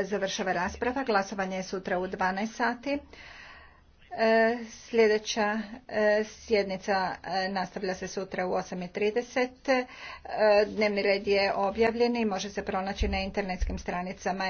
završava rasprava. Glasovanje je sutra u 12 sati. E, sljedeća e, sjednica e, nastavlja se sutra u 8.30. Dnevni red je objavljen i može se pronaći na internetskim stranicama